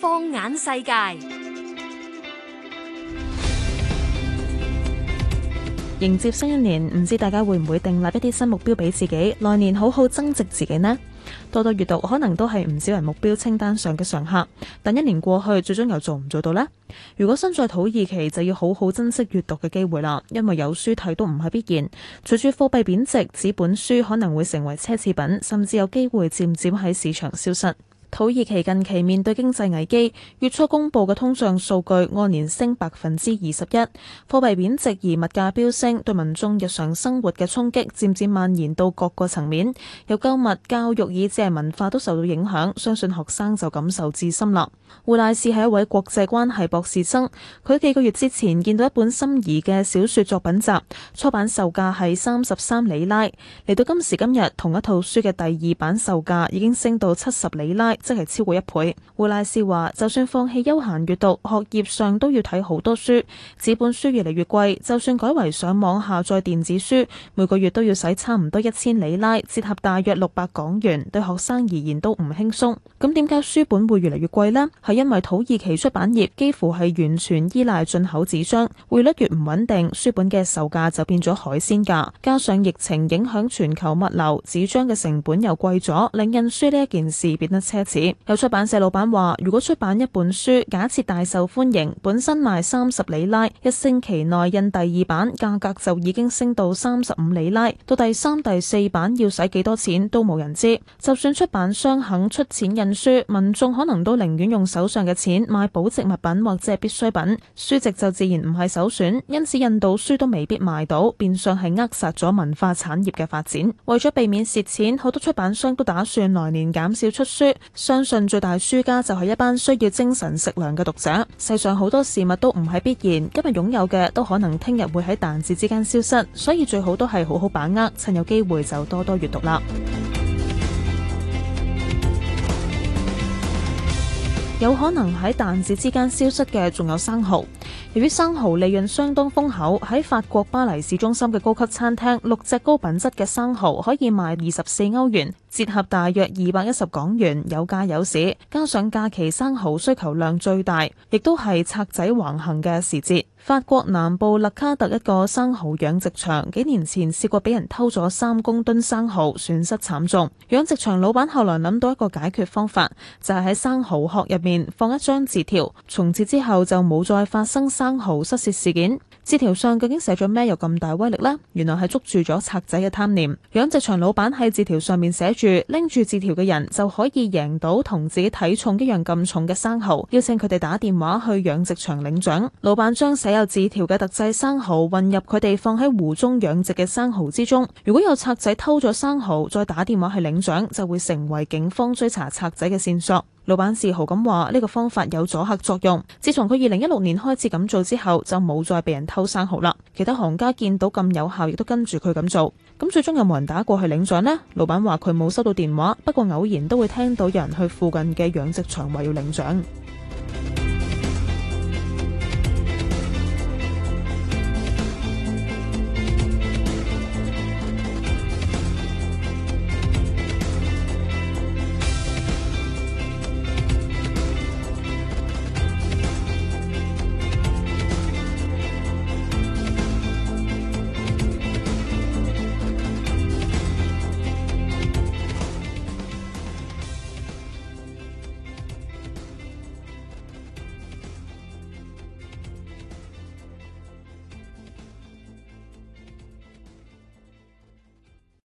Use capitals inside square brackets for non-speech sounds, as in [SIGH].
放眼世界，迎接新一年，唔知大家會唔會訂立一啲新目標俾自己，來年好好增值自己呢？多多閱讀可能都係唔少人目標清單上嘅常客，但一年過去，最終又做唔做到呢？如果身在土耳其，就要好好珍惜閱讀嘅機會啦，因為有書睇都唔係必然。隨住貨幣貶值，紙本書可能會成為奢侈品，甚至有機會漸漸喺市場消失。土耳其近期面對經濟危機，月初公布嘅通脹數據按年升百分之二十一，貨幣貶值而物價飆升，對民眾日常生活嘅衝擊漸漸蔓延到各個層面，由購物、教育，以至係文化都受到影響，相信學生就感受至深啦。胡賴士係一位國際關係博士生，佢幾個月之前見到一本心儀嘅小說作品集，初版售價係三十三里拉，嚟到今時今日，同一套書嘅第二版售價已經升到七十里拉。即係超過一倍。胡拉斯話：就算放棄休閒閲讀，學業上都要睇好多書。紙本書越嚟越貴，就算改為上網下載電子書，每個月都要使差唔多一千里拉，折合大約六百港元，對學生而言都唔輕鬆。咁點解書本會越嚟越貴呢？係因為土耳其出版業幾乎係完全依賴進口紙張，匯率越唔穩定，書本嘅售價就變咗海鮮價。加上疫情影響全球物流，紙張嘅成本又貴咗，令印書呢一件事變得奢侈。有出版社老闆話，如果出版一本書，假設大受歡迎，本身賣三十里拉，一星期內印第二版，價格就已經升到三十五里拉。到第三、第四版要使幾多錢都冇人知。就算出版商肯出錢印書，民眾可能都寧願用手上嘅錢買保值物品或者必需品，書籍就自然唔係首選。因此，印度書都未必賣到，變相係扼殺咗文化產業嘅發展。為咗避免蝕錢，好多出版商都打算來年減少出書。相信最大輸家就係一班需要精神食糧嘅讀者。世上好多事物都唔係必然，今日擁有嘅都可能聽日會喺彈指之間消失，所以最好都係好好把握，趁有機會就多多閱讀啦。 [NOISE] 有可能喺彈指之間消失嘅，仲有生蠔。由於生蠔利潤相當豐厚，喺法國巴黎市中心嘅高級餐廳，六隻高品質嘅生蠔可以賣二十四歐元。折合大約二百一十港元，有價有市，加上假期生蠔需求量最大，亦都係賊仔橫行嘅時節。法國南部勒卡特一個生蠔養殖場，幾年前試過俾人偷咗三公噸生蠔，損失慘重。養殖場老闆後來諗到一個解決方法，就係、是、喺生蠔殼入面放一張字條，從此之後就冇再發生生蠔失竊事件。字條上究竟寫咗咩有咁大威力呢？原來係捉住咗賊仔嘅貪念。養殖場老闆喺字條上面寫住，拎住字條嘅人就可以贏到同自己體重一樣咁重嘅生蠔，邀請佢哋打電話去養殖場領獎。老闆將寫有字條嘅特製生蠔混入佢哋放喺湖中養殖嘅生蠔之中。如果有賊仔偷咗生蠔再打電話去領獎，就會成為警方追查賊仔嘅線索。老闆自豪咁話呢個方法有阻吓作用，自從佢二零一六年開始咁做之後，就冇再被人偷生蠔啦。其他行家見到咁有效，亦都跟住佢咁做。咁最終有冇人打過去領獎呢？老闆話佢冇收到電話，不過偶然都會聽到有人去附近嘅養殖場話要領獎。